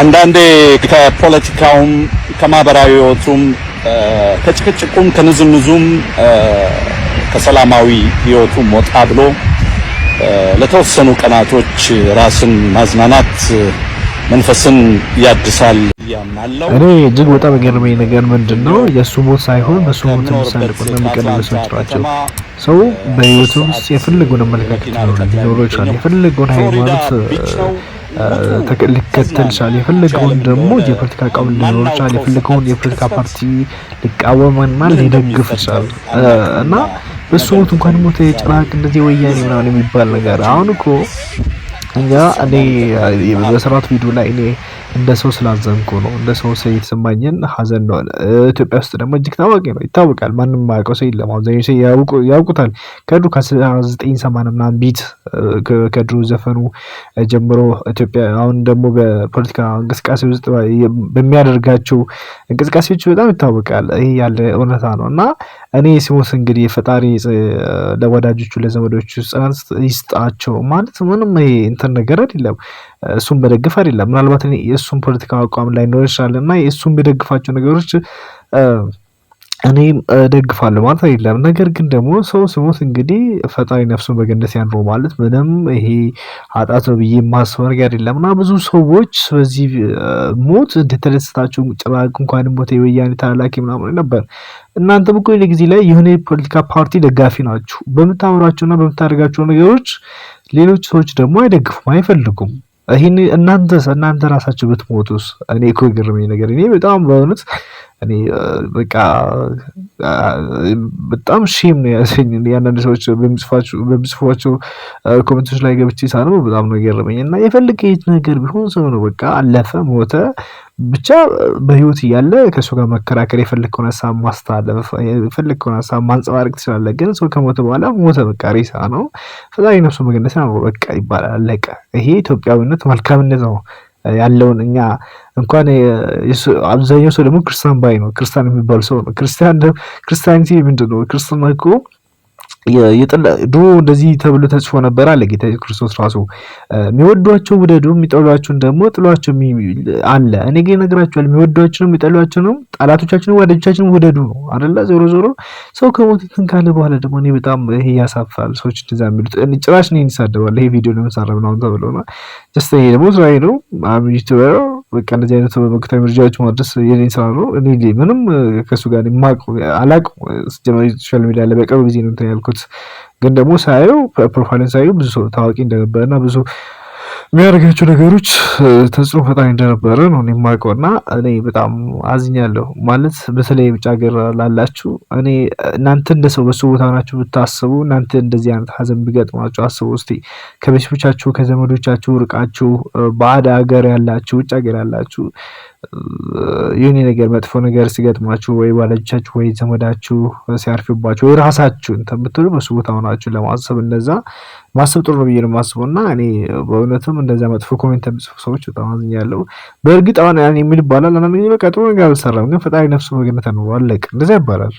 አንዳንዴ ከፖለቲካውም ከማህበራዊ ህይወቱም ከጭቅጭቁም ከንዝንዙም ከሰላማዊ ህይወቱም ወጣ ብሎ ለተወሰኑ ቀናቶች ራስን ማዝናናት መንፈስን ያድሳል እኔ እጅግ በጣም የሚገርመኝ ነገር ምንድን ነው የእሱ ሞት ሳይሆን በእሱ ሞት የሚሳለቁና የሚቀልሉ ሰዎች ናቸው። ሰው በህይወቱ ውስጥ የፈለገውን አመለካከት ሊኖረው ይችላል፣ የፈለገውን ሃይማኖት ሊከተል ይችላል። የፈለገውን ደግሞ የፖለቲካ አቋም ሊኖር ይችላል። የፈለገውን የፖለቲካ ፓርቲ ሊቃወምና ሊደግፍ ይችላል እና በሱ ሞት እንኳን ሞተ የጭራቅ እንደዚህ ወያኔ ምናምን የሚባል ነገር አሁን እኮ እኛ እኔ በስርዓት ቪዲዮ ላይ እኔ እንደ ሰው ስላዘንኩ ነው እንደ ሰው ሰው የተሰማኝን ሀዘን ነው። ኢትዮጵያ ውስጥ ደግሞ እጅግ ታዋቂ ነው፣ ይታወቃል። ማንም ማያውቀው ሰው የለም። አብዛኛው ሰው ያውቁታል። ከድሩ ከዘጠኝ ሰማንያ ምናምን ቢት ከድሩ ዘፈኑ ጀምሮ ኢትዮጵያ አሁን ደግሞ በፖለቲካ እንቅስቃሴ ውስጥ በሚያደርጋቸው እንቅስቃሴዎች በጣም ይታወቃል። ይህ ያለ እውነታ ነው እና እኔ ሲሞት እንግዲህ የፈጣሪ ለወዳጆቹ ለዘመዶቹ ጽናት ይስጣቸው ማለት ምንም ይሄ እንትን ነገር አይደለም። እሱን መደግፍ አይደለም ምናልባት የእሱን ፖለቲካ አቋም ላይ ኖር ይችላል እና የእሱ የሚደግፋቸው ነገሮች እኔም ደግፋለሁ ማለት አይደለም። ነገር ግን ደግሞ ሰው ስሞት እንግዲህ ፈጣሪ ነፍሱን በገነት ያኑሮ ማለት ምንም ይሄ ኃጢአት ነው ብዬ የማስበው ነገር አይደለም እና ብዙ ሰዎች በዚህ ሞት እንደተደሰታቸው ጭራቅ እንኳን ሞት የወያኔ ታላላኪ ምናምን ነበር። እናንተም እኮ የሆነ ጊዜ ላይ የሆነ የፖለቲካ ፓርቲ ደጋፊ ናችሁ። በምታወራቸውና በምታደርጋቸው ነገሮች ሌሎች ሰዎች ደግሞ አይደግፉም፣ አይፈልጉም። ይሄን እናንተስ እናንተ ራሳችሁ ብትሞቱስ? እኔ እኮ የገረመኝ ነገር እኔ በጣም በእውነት እኔ በቃ በጣም ሼም ነው ያሰኝ። ያንዳንድ ሰዎች በሚጽፏቸው ኮሜንቶች ላይ ገብቼ ሳነበው በጣም ነው ገረመኝ። እና የፈልገ የት ነገር ቢሆን ሰው ነው በቃ አለፈ፣ ሞተ፣ ብቻ በህይወት እያለ ከእሱ ጋር መከራከር የፈለግከውን ሀሳብ ማስተላለፍ የፈለግከውን ሀሳብ ማንጸባረቅ ትችላለህ። ግን ሰው ከሞተ በኋላ ሞተ፣ በቃ ሬሳ ነው። ፈጣሪ ነፍሱ መገነትን በቃ ይባላል፣ አለቀ። ይሄ ኢትዮጵያዊነት መልካምነት ነው። ያለውን እኛ እንኳን አብዛኛው ሰው ደግሞ ክርስቲያን ባይ ነው። ክርስቲያን የሚባሉ ሰው ነው። ክርስቲያን ክርስቲያኒቲ ምንድን ነው? ክርስትና እኮ ድሮ እንደዚህ ተብሎ ተጽፎ ነበር አለ ጌታ ኢየሱስ ክርስቶስ ራሱ። የሚወዷቸው ውደዱ፣ የሚጠሏቸውን ደግሞ ጥሏቸው አለ። እኔ ግን እነግራችኋለሁ የሚወዷቸውንም የሚጠሏቸውንም ጠላቶቻችሁንም ወዳጆቻችሁንም ውደዱ ነው አደለ ዞሮ ዞሮ ሰው ከሞት ካለ በኋላ ደግሞ እኔ በጣም ይሄ ያሳፋል ሰዎች እንደዛ የሚሉት ጭራሽ ነው ይሳደባል። ይሄ ቪዲዮ ለምን ሳረብ ነው ተብሎ ስ ይሄ ደግሞ ስራዬ ነው። አም በቃ እንደዚህ አይነት በወቅታዊ ምርጃዎች ማድረስ የኔ ስራ ነው። እኔ ምንም ከእሱ ጋር ማቅ የማውቀው ጀመሪ ሶሻል ሚዲያ ላይ በቅርብ ጊዜ ነው እንትን ያልኩት፣ ግን ደግሞ ሳየው ፕሮፋይልን ሳየው ብዙ ሰው ታዋቂ እንደነበረ እና ብዙ የሚያደርጋቸው ነገሮች ተጽዕኖ ፈጣሪ እንደነበረ ነው የማውቀው እና እኔ በጣም አዝኛለሁ። ማለት በተለይ ውጭ ሀገር ላላችሁ እኔ እናንተ እንደ ሰው በሱ ቦታ ናችሁ ብታስቡ፣ እናንተ እንደዚህ አይነት ሀዘን ቢገጥማችሁ አስቡ እስቲ። ከቤተሰቦቻችሁ ከዘመዶቻችሁ ርቃችሁ ባዕድ ሀገር ያላችሁ ውጭ ሀገር ያላችሁ የሆነ ነገር መጥፎ ነገር ሲገጥማችሁ ወይ ወላጆቻችሁ ወይ ዘመዳችሁ ሲያርፍባችሁ ወይ ራሳችሁ እንትን ብትሉ በሱ ቦታ ሆናችሁ ለማሰብ እነዛ ማሰብ ጥሩ ነው ብዬ ነው የማስበው እና እኔ በእውነትም እንደዚያ መጥፎ ኮሜንት የሚጽፉ ሰዎች በጣም አዝኛለሁ። በእርግጥ አሁን ምን ይባላል? በቃ ጥሩ ነገር አልሰራም ግን ፈጣሪ ነፍሱ በገነት ነው አለቅ እንደዚያ ይባላል።